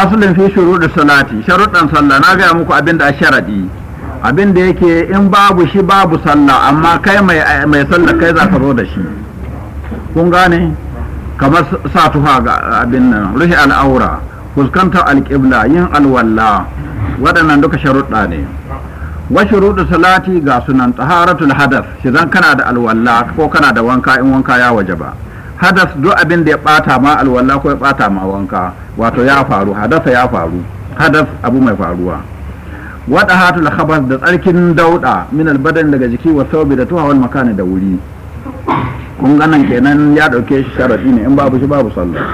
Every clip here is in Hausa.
fasulin fi shuruɗi salati sharuɗan sallah na gaya muku abin da sharaɗi abin da yake in babu shi babu sallah amma kai mai mai sallah kai za ka zo da shi kun gane kamar sa tufa ga abin nan ruhi al'aura fuskantar alƙibla yin alwalla waɗannan duka sharuɗa ne wa shuruɗu salati ga sunan taharatul hadaf shi zan kana da alwalla ko kana da wanka in wanka ya waje ba hadas duk abin da ya bata ma alwala ko ya bata ma wanka wato ya faru hadasa ya faru hadas abu mai faruwa wada hatul khabas da tsarkin dauda min albadan daga jiki wa saubi da tuwa wal makana da wuri kun ganan kenan ya dauke shi sharadi ne in babu shi babu sallah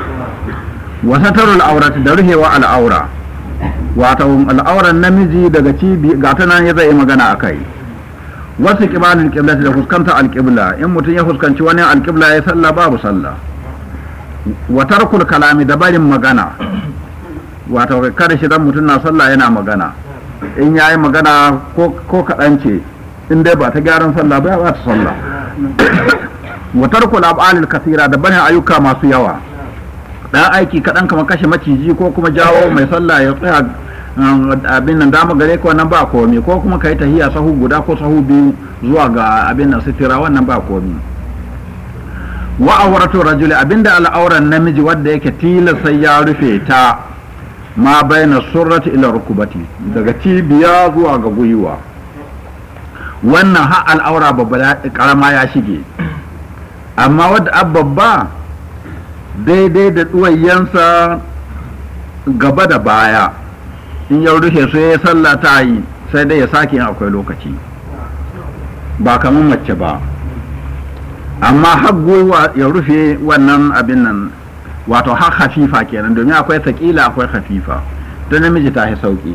wa satarul awrati da ruhewa al'aura wato al'auran namiji daga cibi ga ta nan ya zai magana akai wasu kibalin kiblati da fuskanta alkibla in mutum ya fuskanci wani alkibla ya sallah babu sallah Watar tarkul kalami magana wata kada shi don mutum na sallah yana magana in ya yi magana ko kaɗan ce in dai ba ta gyaran sallah ba ya ba ta sallah wa tarkul af'alil kathira da barin ayyuka masu yawa ɗan aiki kaɗan kama kashe maciji ko kuma jawo mai sallah ya tsaya abin nan dama gare ka wannan ba komi ko kuma kai tahiya sahu guda ko sahu biyu zuwa ga abin nan sitira wannan ba komi wa awratu rajuli abinda al'auran namiji wanda yake tila sai ya rufe ta ma bayna surrati ila rukubati daga cibiya zuwa ga gwiwa wannan ha al'aura babba karama ya shige amma wadda babba daidai da ɗuwayensa gaba da baya in ya rufe su ya sallah ta yi sai dai ya sake akwai lokaci ba kamar mace ba amma haggo ya rufe wannan abin nan wato har hafifa kenan domin akwai sakila akwai hafifa ta namiji ta sauki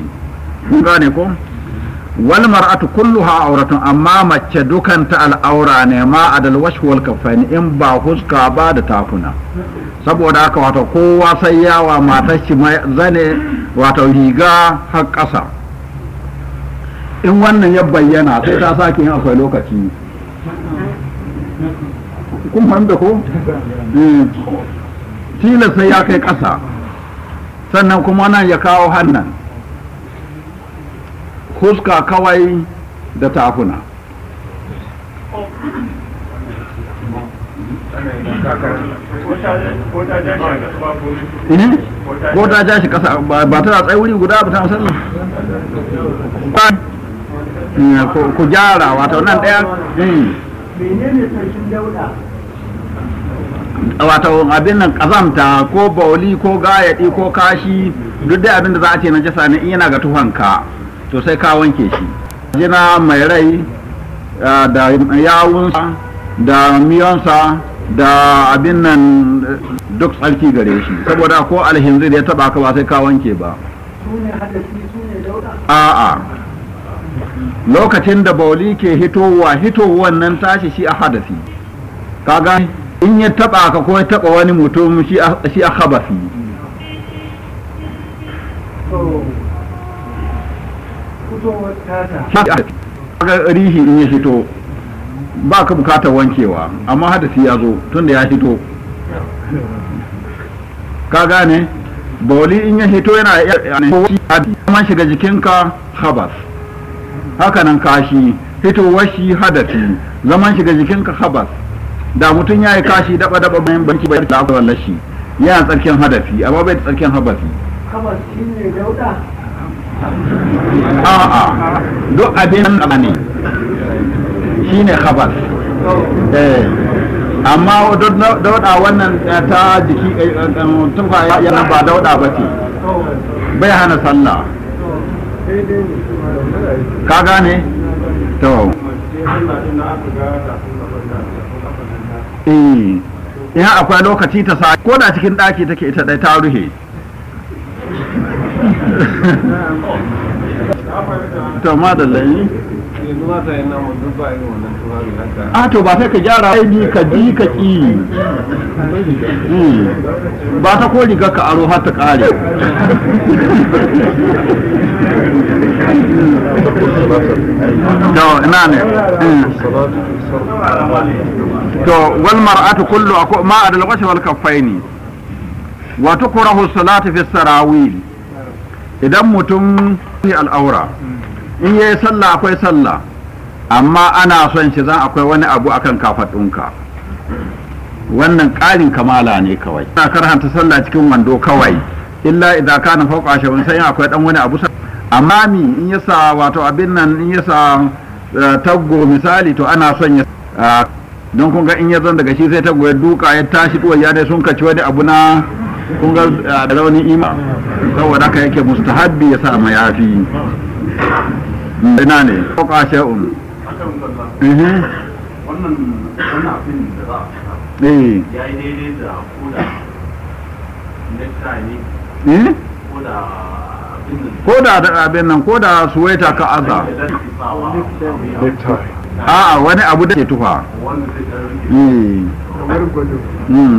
kun gane ko wal mar'atu kulluha auratun amma mace dukanta al'aura ne ma adal washhu wal kaffaini in ba huska ba da tafuna saboda haka wato kowa sai yawa matar shi zane wato riga har ƙasa in wannan ya bayyana sai ta sake yin akwai lokaci kun fahimta ko eh. tilas sai ya kai ƙasa sannan kuma nan ya kawo hannan fuska kawai da tafuna ko ta ja shi kasa ba tana tsaye wuri guda ba ta musamman ba ku gyara wata nan ɗaya hmm. wata abin nan kazamta ko bauli ko gayadi ko kashi duk dai abin da za a ce na jasa ne yana ga tuhanka to sai ka wanke shi jina mai rai da yawunsa da miyonsa da abin nan duk tsarki gare shi saboda ko da ya taba ka ba sai ka wanke ba a'a lokacin da bauli ke hitowa hitowar nan tashi shi a hadafi kaga in ya taba ka ko ya taba wani mutum shi a habafi fitowar rihi in ya fito ba ka bukatar wankewa amma hadasi ya zo tunda ya fito ka gane bauli in ya hito yana ya shiga jikinka habas hakanan kashi fitowar shi hadasi zaman shiga jikinka habas da mutum ya yi kashi daba daba bayan banki bai da lashi yana tsarkin hadafi amma bai tsarkin habasi habas a'a duk abin nan ne shi ne khabar eh, amma dauda wannan eh, ta jiki eh, tufa yana ba dauda ba ce bai hana sallah ka gane to in akwai lokaci ta sa ko da cikin daki take ita dai ta ruhe to ma da layi eh? a ah, to ba sai ka gyara aini ka ji ka ki hmm. ba ta ko riga ka aro har ta ƙare to ina ne hmm. to wal mar'atu kullu ma adal washi kaffaini wa tukrahu salatu fi sarawil idan mutum fi al'aura in yi sallah akwai sallah amma ana son shi zan akwai wani abu akan kafaɗinka wannan ƙarin kamala ne kawai na karhanta sallah cikin wando kawai illa idan ka na fauka wani sanya akwai dan wani abu amma mi in yasa wato abin nan in yasa eh, taggo misali to ana son ya ah, don kun ga in ya zan daga shi sai taggo ya duka ya tashi tuwa ya dai sun kaci wani abu na kun ga eh, da raunin ima saboda haka yake mustahabbi ya sa mayafi ina ne ko ka shay'un um? mhm. wannan wannan abin da za a eh yayi daidai da koda ne eh ko da abin nan ko da suwaita ka aza a wani abu da ke tufa kamar hmm,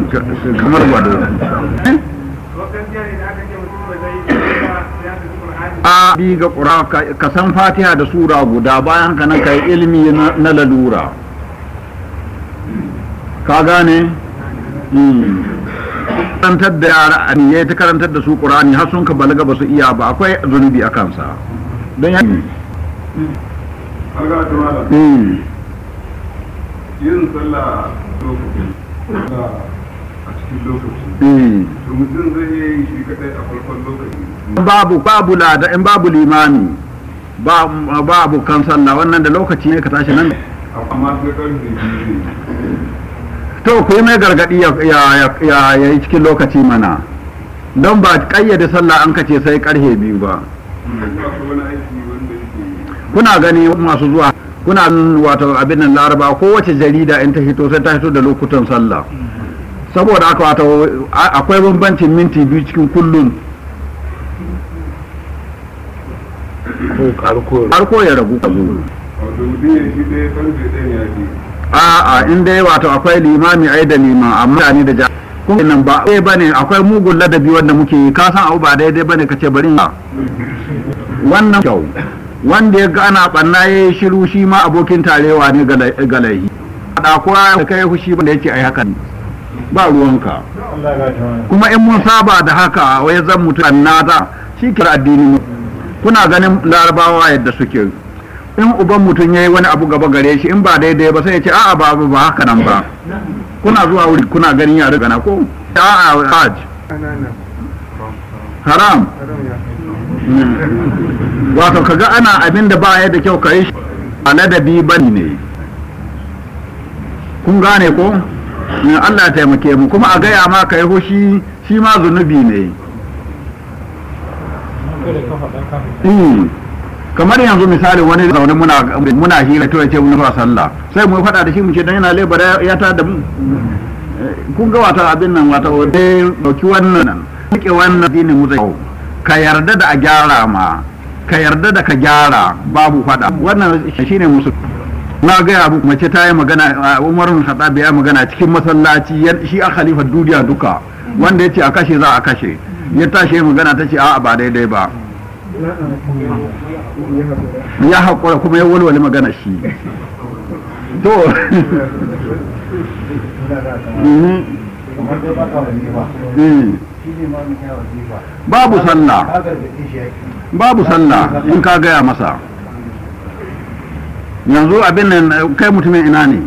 a eh? ah, bi ga ƙura ka san fatiha da sura guda bayan ka ka yi ilimi na lalura ka gane hmm. karantar da yara a ya ta karantar da su ƙurani har sun ka balaga ba su iya ba akwai zunubi a kansa don hmm. yin Hmm. babu babu lada in babu limami babu kan sallah wannan da lokaci ne ka tashi nan to ku yi mai gargadi ya yi cikin lokaci mana don ba kayyade sallah an kace sai karhe biyu ba kuna gani masu zuwa kuna wato abin nan laraba kowace jarida in ta hito sai ta hito da lokutan sallah saboda aka wato akwai bambancin minti biyu cikin kullum harko ya ragu a'a in dai wato akwai limami ai da liman amma ni da ja kuma nan ba eh bane akwai mugun ladabi wanda muke ka san abu ba daidai bane kace bari wannan kyau wanda ya gana ɓanna banna ya yi shiru shi ma abokin tarewa ne ga laihi da kowa da kai fushi ba da yake yi hakan ba ruwanka kuma in mun saba da haka wai zan mutu na za? shi kira addini kuna ganin larabawa yadda suke in uban mutum ya yi wani abu gaba gare shi in ba daidai ba sai ya ce a'a ba ba haka nan ba kuna zuwa wuri kuna ganin yare gana ko a'a haram wato kaga ana abin da ba ya da kyau ka yi shi a ladabi bani ne kun gane ko eh, Allah taimake mu kuma a gaya ma ka yi hushi shi ma zunubi ne hmm. kamar yanzu misali wani zaune muna muna hira to yace mun fara sallah sai mu faɗa da shi mu ce dan yana lebar ya ta da mu eh, kun ga wata abin nan wata dai dauki wannan ke wannan dinin mu zai ka yarda da a gyara ma ka yarda da ka gyara babu fada wannan shi ne musu na gaya abu mace ta yi magana umar bin khattab ya magana cikin masallaci shi a khalifar duniya duka wanda ya ce a kashe za a kashe ya tashi magana ta ce a'a ba daidai ba ya haƙura kuma ya walwale magana shi to hmm. Hmm. babu sallah babu sallah in ka gaya masa yanzu abin nan kai mutumin ina ne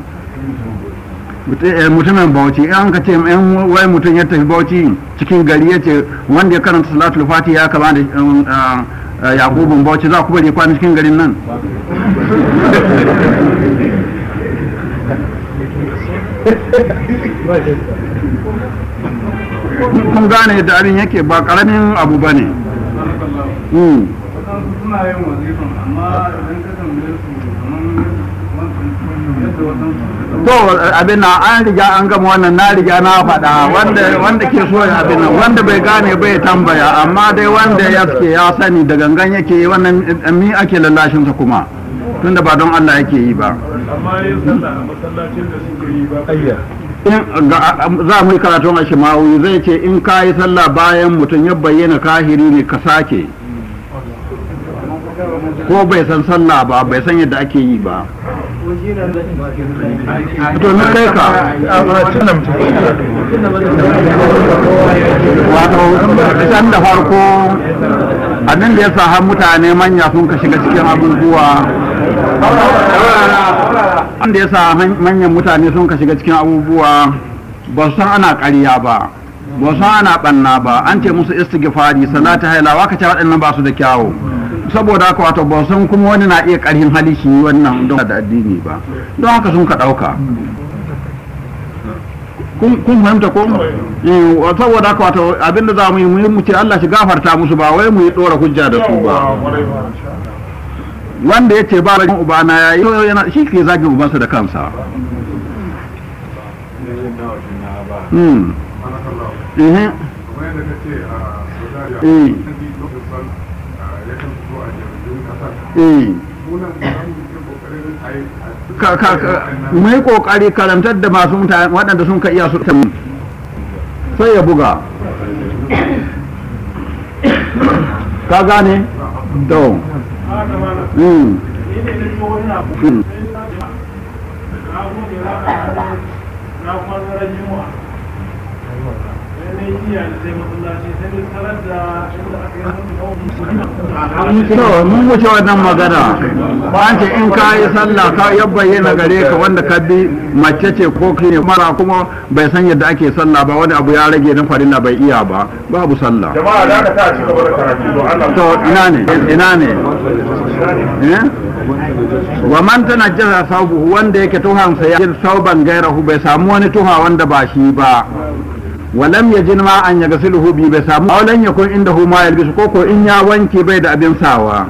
eh, mutumin bauchi an ka ce wai mutum ya tafi bauchi cikin gari ya ce wanda ya karanta salatul fati ya kama um, da uh, yakubun bauchi za ku bari kwana cikin garin nan kun gane da abin yake ba karamin abu ba ne to abin nan an riga an gama wannan na riga na faɗa wanda wanda ke so abin nan wanda bai gane bai tambaya amma dai wanda ya suke ya sani da gangan yake wannan mi ake lallashin sa kuma tunda ba don Allah yake yi ba amma yin sallah a masallacin da suke yi ba za mu yi karatun a shimawi zai ce in ka yi sallah bayan mutum ya bayyana kahiri ne ka sake ko bai san sallah ba bai san yadda ake yi ba to wato can da farko abin da ya sa har mutane manya sun ka shiga cikin abubuwa an da ya sa manyan mutane sun ka shiga cikin abubuwa ba su san ana ƙarya ba ba su san ana ɓanna ba an ce musu istighfari salatu hailawa ka ce waɗannan ba su da kyawo saboda haka wato ba san kuma wani na iya ƙarhin hali shi wannan don da addini ba don haka sun ka ɗauka kun fahimta ko saboda haka wato abinda za mu yi mu ce Allah shi gafarta musu ba wai mu yi ɗora hujja da su ba wanda ya ce ba rajin ubana ya yi yana shi ke zagin ubansa da kansa hmm. eh. Eh. mu kokari karantar da masu mutane waɗanda sun ka iya su sai ya buga ka gane? don na hmm. hmm. to mun wuce wannan magana ba an ce in ka yi sallah ka ya bayyana gare ka wanda ka bi mace ce ko ne mara kuma bai san yadda ake sallah ba wani abu ya rage na farilla bai iya ba babu sallah jama'a da ka ci gaba da karatu to ina ne ina ne eh? wa man tanajjasa sabu wanda yake tuhansa ya sauban gairahu bai samu wani tuha wanda ba shi ba walam ya ma an ya luhu bi bai samu a ya kun inda huma ya ko Ko in ya wanke bai da abin sawa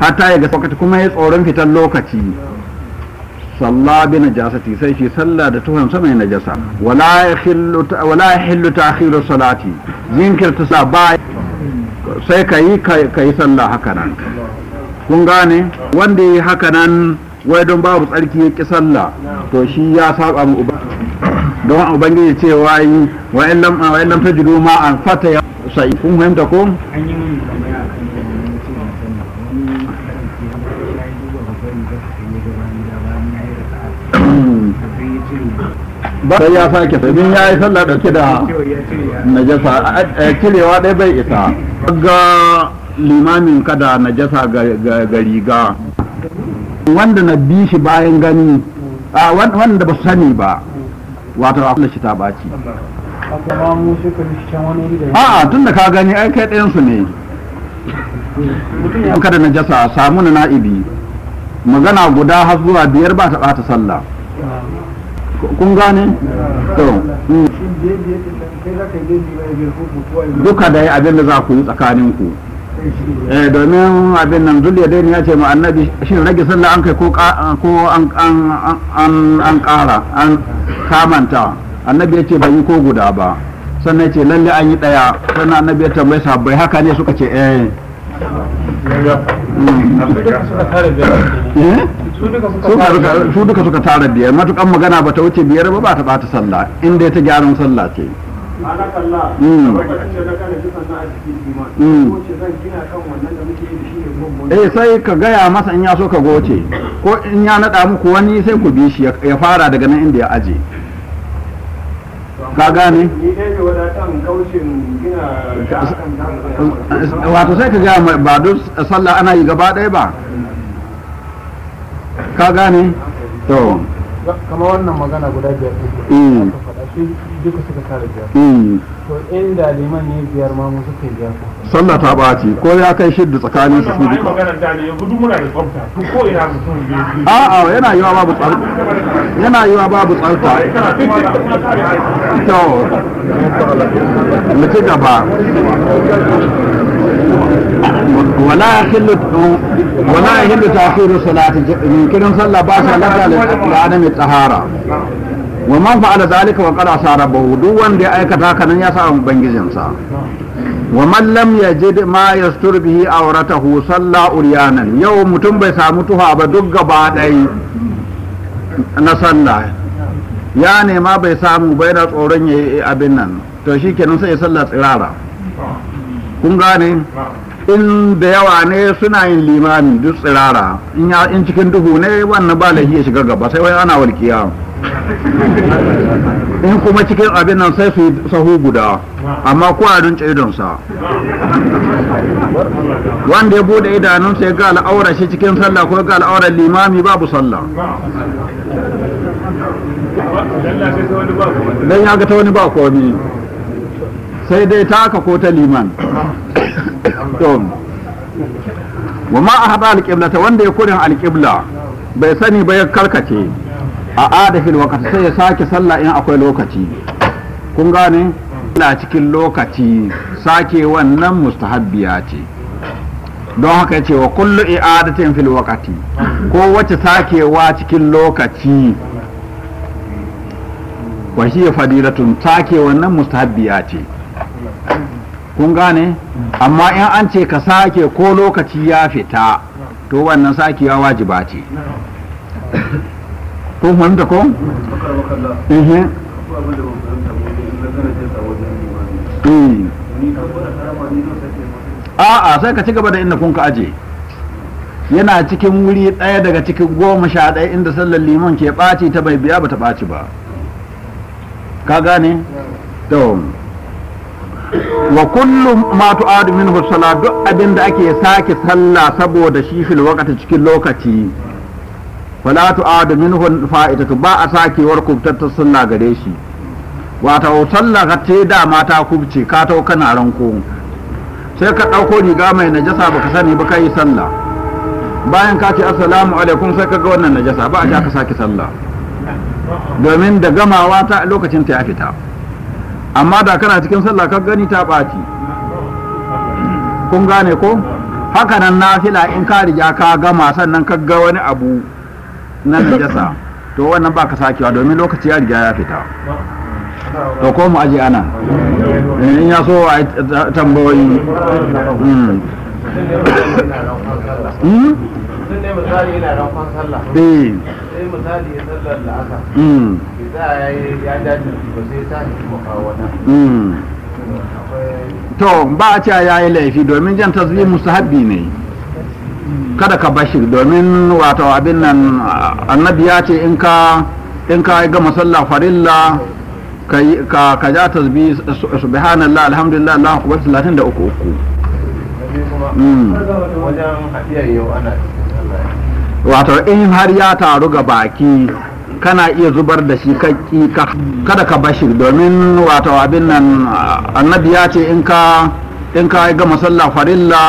hatta ya gasa wakati kuma ya tsoron fitar lokaci salla bi najasati sai shi sallah da tuhon sama ya najasa wala ya hillu ta akhiru salati jinkirta sa ba sai ka yi sallah haka nan kun gane wanda yi haka wai don babu tsarki ya ƙi sallah to shi ya saba mu don ubangiji ce wayi wa'in lam wa'in ta jiru ma an fata ya sai kun fahimta ko ba sai ya sake domin ya yi sallah dauke da najasa kirewa eh, ɗaya bai isa ga limamin kada najasa ga riga wanda na bi shi bayan gani wanda ba sani ba wato da shi ta baci a'a tun da ka gani ai kai ne. su ne kada na jasa samu na na'ibi magana guda har zuwa biyar ba ta ɓata sallah kun gane? to mm. duka da ya abin da za ku yi tsakaninku Eh, domin abin nan zuliya dai ya ce ma annabi ne rage sallah an kai ko an ƙara an kamanta annabi ya ce ban yi ko guda ba sannan ce lalle an yi ɗaya sannan annabi ya tambaye sabbai haka ne suka ce eh, hmm. eh? su duka suka tara biyar matukan magana ba ta wuce biyar ba ba ta ɓata sallah inda ta gyaran sallah ce Hmm. Hmm. eh sai ka gaya masa in ya so ka goce ko in ya nada muku wani sai ku bi shi ya fara daga nan inda ya aje ka gane eh, wato sai ka gaya ba duk sallah ana yi gaba ɗaya ba ka gane to kama wannan magana guda biyar ne duka suka kare biyar hmm. to inda liman ne biyar ma mu suka biyar sallah ta ɓaci ko ya kai shidda tsakanin su su duka a'a yana yiwa babu tsarta yana yiwa babu tsarta to mu ci gaba wala يحل ولا salati تأخير الصلاة من كده صلى باش على عدم tahara wa man fa'ala zalika wa qad sa rabbuhu duk wanda ya aikata kanan ya sa ubangijinsa wa man lam yajid ma yastur bihi awratahu salla uryanan yau mutum bai samu tuha ba duk gaba dai na sallah ya nema bai samu bai da tsoron yayi abin nan to shikenan sai ya sallah tsirara kun gane in da yawa ne suna yin limami duk tsirara in cikin duhu ne wannan ba lahi ya shiga gaba sai wai ana walƙiya in kuma cikin abin nan sai su sahu guda amma kwarin idonsa wanda ya bude idanunsa ya ga al'aura shi cikin sallah ko ga al'aura limami babu sallah dan ya ga ta wani ba komi sai dai ta aka ko ta liman wa ma a haɗa alƙibla ta wanda ya kurin alƙibla bai sani ba ya karkace a adafil wakati sai ya sake sallah in akwai lokaci kun gane a cikin lokaci sake wannan mustahabbiya ce don haka ya ce wa kullu i'adatin fil wakati ko wacce sakewa cikin lokaci wa hiya fadilatun take wannan mustahabbiya ce kun gane amma in an ce ka sake ko lokaci ya fita to wannan sakewa wajiba ce kun fahimta ko? Eh. a'a sai ka ci gaba da inda kun ka aje yana cikin wuri ɗaya daga cikin goma sha ɗaya inda sallar liman ke ɓaci ta bai biya ba ta ɓaci ba ka gane? don wa kullum matu adu min duk abin da ake sake salla saboda shi fil cikin lokaci tu adu minhu fa'idatu ba a sakewar ta sunna gare shi wato sallah ka ce da mata kubce ka tau kana ranko sai ka ɗauko riga mai najasa baka sani ba kai sallah bayan ka ce assalamu alaikum sai ka ga wannan najasa ba a ja ka saki sallah domin da gamawa ta lokacin ta ya fita amma da kana cikin sallah ka gani ta ɓaci kun gane ko haka nan nafila in ka riga ka gama sannan ka ga wani abu na najasa to wannan ba ka sakewa domin lokaci ya riga ya fita to ko mu aje ana eh, in ya so a tambayoyi ba sai ta to ba a ce ya yi laifi domin jan musu musahabbi ne kada ka bashi domin wato abin nan annabi ya ce in ka in ka ga masalla farilla ka ka ja tasbih subhanallah alhamdulillah allah akbar 33 uku hmm. wato in har ya taru ga baki kana iya zubar da shi kada ka bashi domin wato abin nan annabi ya ce in ka in ka ga masalla farilla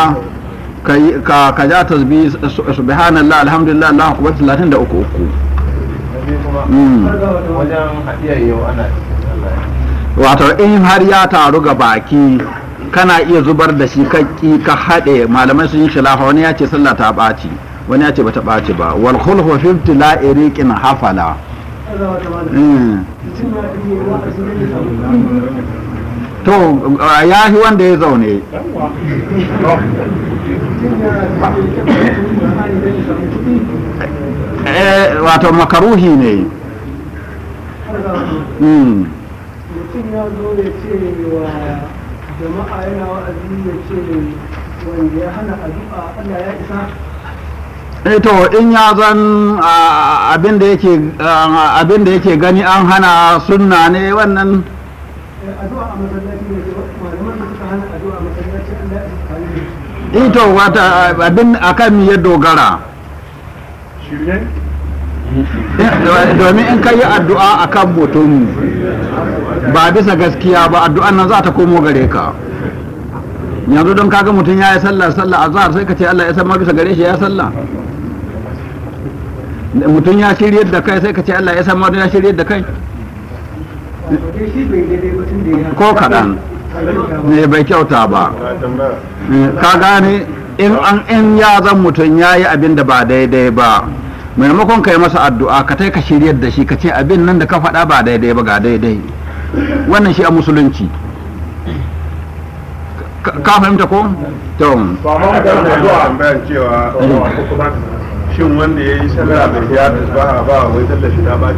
ka ka ja tasbih subhanallah alhamdulillah allahu akbar 33 uku hmm. wato in har ya taru ga baki kana iya zubar da shi ka ki ka haɗe malamai sun yi shilafa wani ya ce sallah ta ɓaci wani ya ce bata ɓaci ba wal khulhu fi ibtila'i riqin hafala hmm. to ya yi wanda ya zaune Eh, wato makaruhi ne hmm. mutum ya to in ya zan abin da yake gani an hana sunna ne wannan eh, ito wata abin akan ya dogara domin in ka yi addu'a a kan mutum ba bisa gaskiya ba addu'an nan za ta komo gare ka yanzu don kaga mutum ya yi sallah sallah a zahar sai ka ce Allah ya san ma bisa gare shi ya sallah mutum ya shirye da kai sai ka ce Allah ya san ma ya shirye da kai ko kaɗan ne bai kyauta ba ka gane in an in ya zan mutum ya yi abin da ba daidai ba maimakon ka yi masa addu'a ka tai ka shiryar da shi ka ce abin nan da ka faɗa ba daidai ba ga daidai wannan shi a musulunci ka fahimta ko? to shin wanda ya yi sallah da ya tasbaha ba wai tallafi ta ba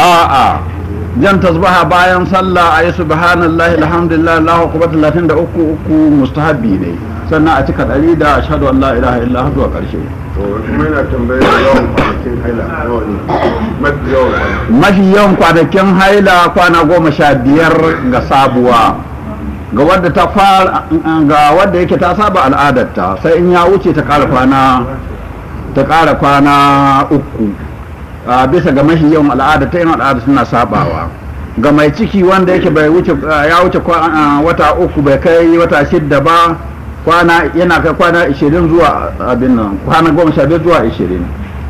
a'a jan tasbaha bayan sallah a yi subhanallahi alhamdulillah kuma talatin da uku uku mustahabi ne sannan a cika dari da ashadu an la ilaha illa hu zuwa karshe tambayar yawan kwanakin haila mafi yawan kwanakin haila kwana goma sha biyar ga sabuwa ga wadda ta fara ga wadda yake ta saba al'adarta sai in ya wuce ta ƙara kwana ta kara kwana uku a bisa ga mashi yawan al'ada ta yin al'ada suna sabawa ga mai ciki wanda yake bai wuce ya wuce wata uku bai kai wata shidda ba kwana yana kai kwana 20 zuwa abin nan kwana goma sha zuwa 20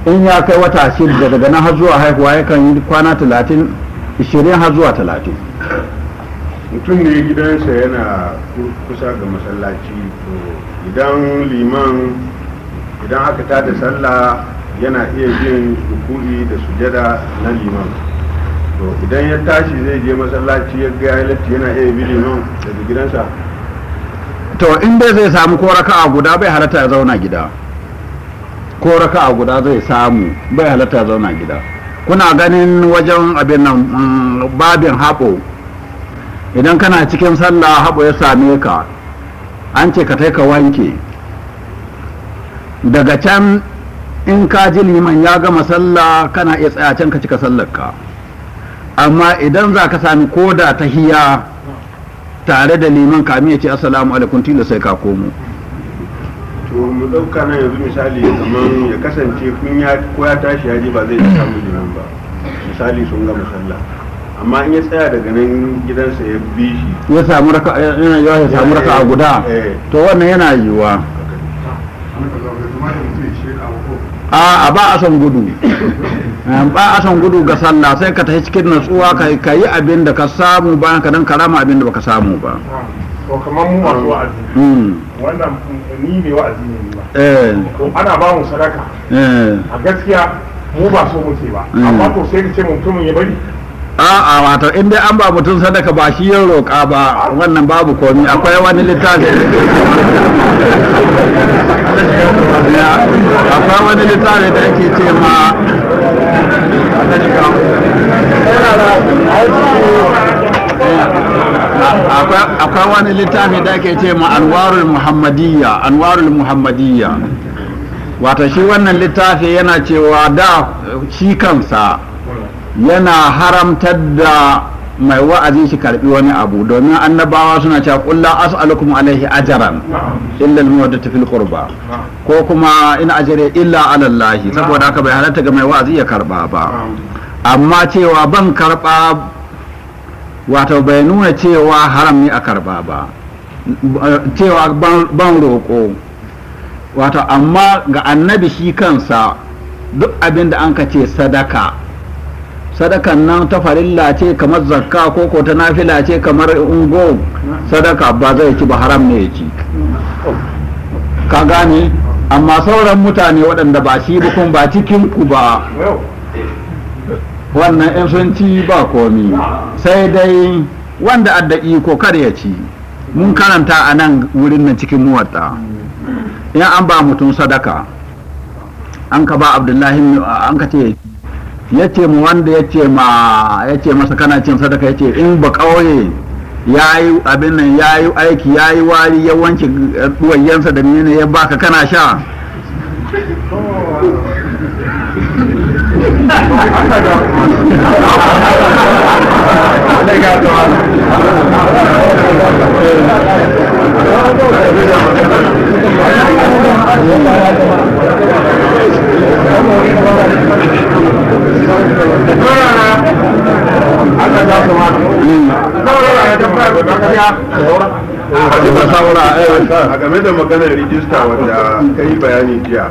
in ya kai wata shidda daga nan har zuwa haihuwa kan yi kwana 30 20 har zuwa 30 mutum ne gidansa yana kusa ga masallaci to idan liman idan aka tada sallah yana iya jin rukuri da sujada na liman to idan ya tashi zai je masallaci ya ga latti yana iya bi liman daga gidansa to in dai zai samu ko raka'a guda bai halatta ya zauna gida ko raka'a guda zai samu bai halatta ya zauna gida kuna ganin wajen abin nan mm, babin haɓo idan kana cikin sallah haɓo ya same ka an ce ka ta'i ka wanke daga can in ka ji liman ya gama sallah kana iya tsaya can ka cika sallarka amma idan za ka sami koda ta hiya tare da liman kami ya ce assalamu alaikum tilo sai ka komo to mu dauka nan yanzu misali kamar ya kasance kun ya ko ya tashi ya ji ba zai samu liman ba misali sun gama sallah amma in ya tsaya daga nan gidansa ya bi shi ya samu raka ya samu raka a guda eh, eh. to wannan yana yiwuwa a ba a son gudu ba a son gudu ga sallah sai ka tafi cikin natsuwa ka yi abin da ka samu ba ka dan karama abin da baka samu ba to kamar mu masu wa'azi hmm. wannan ni mai wa'azi ne ni eh. to ana ba mu sadaka eh. a gaskiya mu ba so mu ce ba hmm. amma to sai ka ce mutumin ya bari a'a wato in dai an ba mutum sadaka ba shi yin roƙa ba wannan babu komi akwai wani littafi akwai wani littafi da yake ce ma akwai wani littafi da yake ce ma anwarul muhammadiyya anwarul muhammadiyya wato shi wannan littafi yana cewa da shi kansa yana haramtar da mai wa'azi shi karbi wani abu domin annabawa suna cewa qul asu as'alukum alaihi ajran illa al fil qurba ko kuma in ajre illa ala saboda haka bai halatta ga mai wa'azi ya karba ba amma cewa ban karba wato bai nuna cewa haram ne a karba ba cewa ban roƙo wato amma ga annabi shi kansa duk abinda da an ka ce sadaka sadakan nan ta farilla ce kamar zakka ko ko ta nafila ce kamar ungo sadaka ba zai ci ba haram ne ya ci ka gane amma sauran mutane waɗanda ba shi ba ba cikin ku ba wannan in sun ci ba komi sai dai wanda adda ko kar ya ci mun karanta a nan wurin nan cikin muwatta in an ba mutum sadaka an ka ba abdullahi an ka ce ya ce mu wanda ya ce ma ya ce masa kana cin sadaka ya ce in ba ƙauye ya yi abin nan ya yi aiki ya yi wari ya wanke ɗuwayyansa da mene ya baka kana sha Thank you. game da maganar rijista wadda ka yi bayani jiya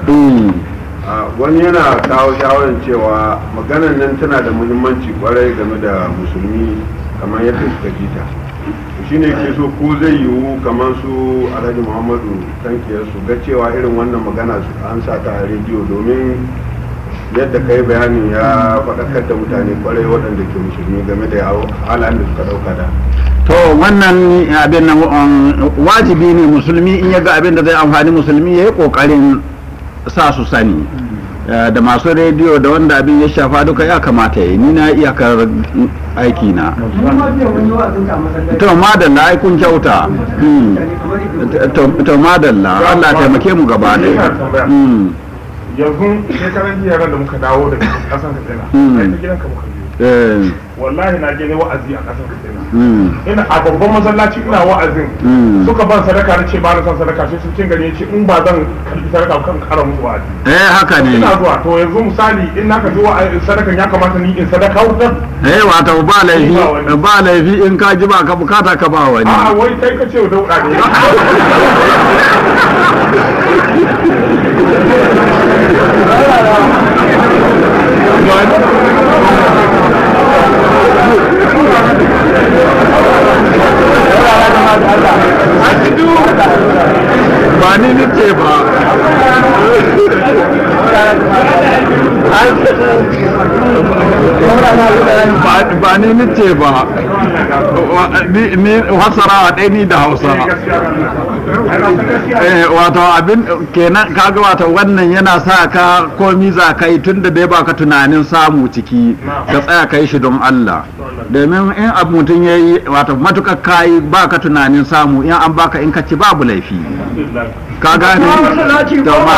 wani yana kawo shawarar cewa maganar nan tana da muhimmanci kwarai game da musulmi kamar yadda suka jita shi ne ke so ko zai yiwu kamar su alhaji muhammadu tankiyar su ga cewa irin wannan magana an sa ta a rediyo domin yadda ka yi bayani ya faɗakar da mutane kwarai waɗanda ke musulmi game da halayen da suka ɗauka da to wannan abin nan um, wajibi ne musulmi in ya ga abin da zai amfani musulmi ya yi ƙoƙarin sa su sani mm. eh, da masu rediyo da wanda abin ya shafa duka ya kamata ya ni iyakar aiki na to madalla ai kun kyauta mm. to madalla Allah taimake mu gaba da yanzu shekaran jiya ran da muka dawo daga kasan katsina hmm. ai gidan ka muka je eh. wallahi na je ne wa'azi a kasan katsina hmm. ina a babban masallaci ina wa'azin hmm. suka ban sadaka na ce ba na san sadaka shi sun gari ya ce in ba zan karbi sadaka kan kara musu wa'azi eh haka ne ina zuwa to yanzu misali in na ka ji wa'azi sadakan ya kamata ni in sadaka wutar eh wato ba laifi ba laifi in ka ji ba ka bukata ka ba wani a wai kai ka ce da wuɗa ne Bani ni ce ba ni hasara ɗaya ni da hausa eh, wato abin kenan kaga wato wannan yana sa ka komi za ka yi tun da dai tunanin samu ciki ka tsaya ka yi shi don Allah domin in abu mutum ya yi wato matukar kayi baka tunanin samu in an baka in ka ci babu laifi ka gane da ma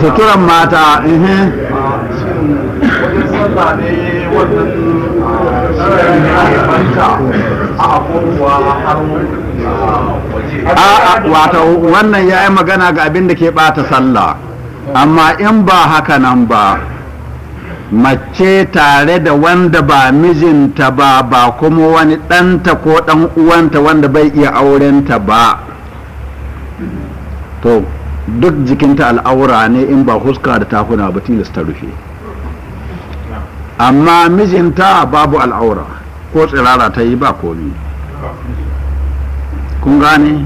suturan mata wata wannan ya yi magana ga abin da ke bata sallah amma in ba haka nan ba mace tare da wanda ba mijinta ba ba kuma wani ɗanta ko ɗan uwanta wanda bai iya aurenta ba to duk jikinta al'aura ne in ba huska da tafuna ba tilasta rufe amma mijinta babu al'aura ko tsirara ta yi ba komi kun gane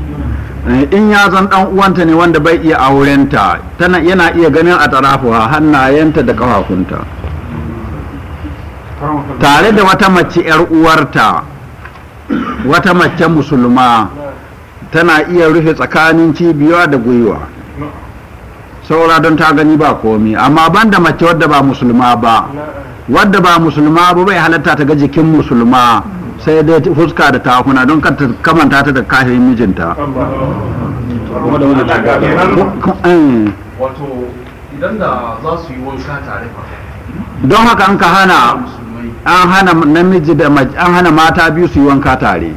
eh, in ya zan dan uwanta ne wanda bai iya aurenta tana yana iya ganin a tarafuwa hannayenta da kafafunta tare da wata mace yar uwarta wata mace musulma tana iya rufe tsakanin cibiya da gwiwa saura don ta gani ba komi amma ban da mace wadda ba musulma ba wadda ba musulma ba bai halatta ta ga jikin musulma sai dai fuska da tafuna don kanta kamanta ta da kafirin mijinta eh. don haka an ka hana an hana namiji da an hana mata biyu su yi wanka tare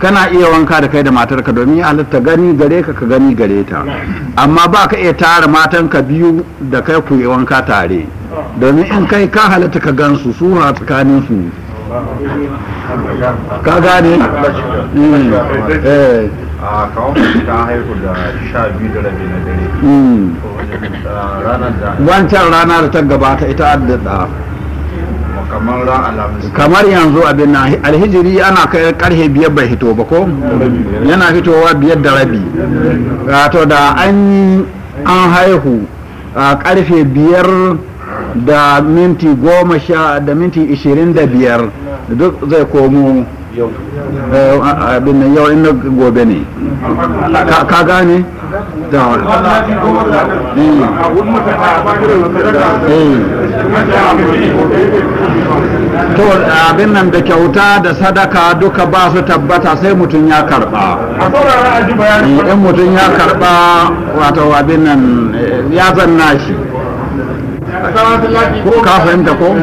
kana iya wanka da kai da matarka domin halitta gani gare ka ka gani gare ta amma ba ka iya tara matanka biyu da kai ku yi wanka tare domin in kai ka halitta ka gansu su ha tsakanin su ka gane mm. eh. a kawo ta haihu da sha biyu da rabi na dare mm. wancan rana da ta gabata ita addada kamar yanzu abin na alhijiri ana kai karhe biyar bai hito ba ko yana fitowa biyar da rabi wato da an an haihu a karfe biyar da minti goma sha da minti ishirin da biyar duk zai komo Eh, abin nan yau inda gobe ne ka gane da eh. Eh. to abin nan da kyauta da sadaka duka ba su tabbata sai mutum ya karba in mutum ya karba wato abin nan ya zanna shi ka fahimta ko? Hmm.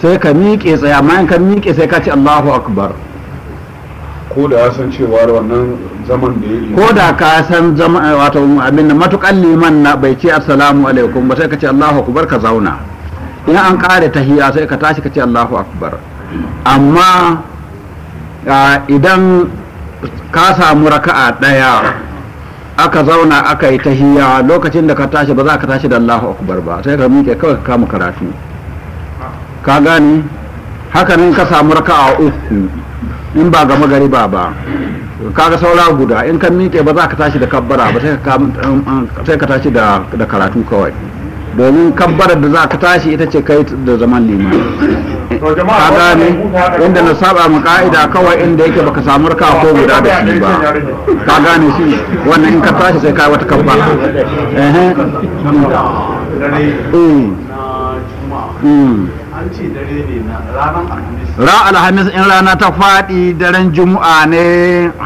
sai ka miƙe tsaye amma in ka miƙe sai ka ce Allahu akbar ko da ya san cewa wannan zaman da ya yi ko da ka san zaman wato abin da matukan liman na bai ce assalamu alaikum ba sai ka ce Allahu akbar ka zauna in an kare tahiyya sai ka tashi ka ce Allahu akbar amma idan ka samu raka'a daya aka zauna aka yi tahiyya lokacin da ka tashi ba za ka tashi da Allahu akbar ba sai ka miƙe kawai ka kama karatu ka gani hakanin ka samu a uku in ba ga magariba ba kaga saura guda in ka miƙe ba za ka tashi da kabbara ba sai ka tashi da karatu kawai domin kabbara da za ka tashi ita ce kai da zaman limani ka gane inda na saba mu ka'ida kawai inda yake baka samu raka ko guda da shi ba ka gane shi wannan in ka tashi sai kai wata kabbara eh hmm. ran alhamis in rana ta faɗi daren juma'a ne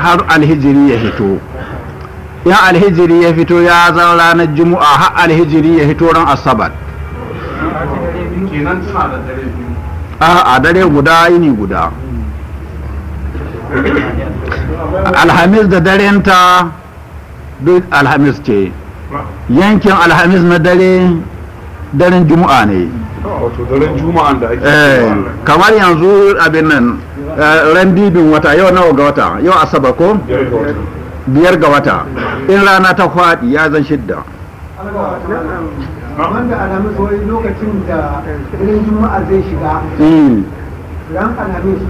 har alhijiri ya hito ya alhijiri ya fito ya zan ranar juma'a har alhijiri ya hito ran asabar a dare guda yini guda alhamis da darenta duk alhamis ce yankin alhamis na dare daren juma'a ne wato daren juma'an da ake eh, kamar yanzu abin nan eh, ran bibin wata yau nawa ga wata yau asabar ko biyar ga wata in rana ta faɗi ya zan shidda kamar da alamis wani lokacin da irin juma'a zai shiga hmm. ran alamis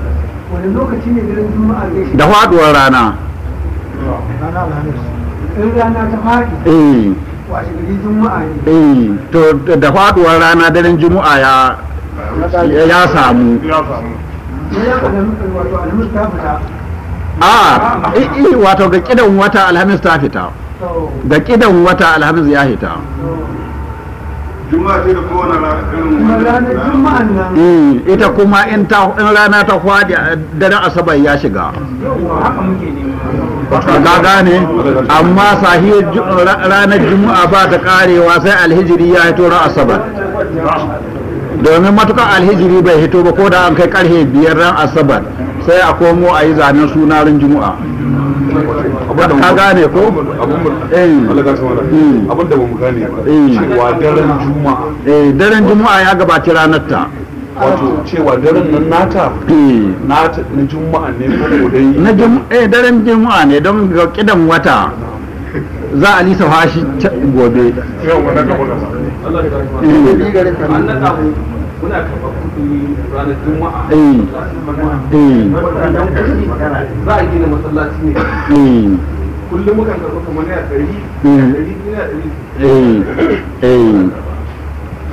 wani lokaci ne irin juma'a zai shiga da faɗuwar rana in rana ta faɗi eh. Eh, to da faduwar rana daren juma'a ya ya samu eh, eh wato ga kidan wata alhamis ta fita ga kidan wata alhamis ya fita eh, ita kuma in rana ta kwadi daren asabar ya shiga ka gane amma sahiyar ranar juma'a ba ta karewa sai alhijiri ya hito ran asabar domin matukar alhijiri bai hito ba ko da an kai karhe biyar ran asabar sai a komo a yi zanen sunarin juma'a ka gane ko eh. hmm. abin da ba mu gane ba eh. daren juma'a eh, daren juma'a ya gabaci ranar ta wato cewa daren nan nata hmm. na juma'a ne ko dai na eh, daren juma'a ne don ga kidan wata za a lisa fashi gobe eh. kullum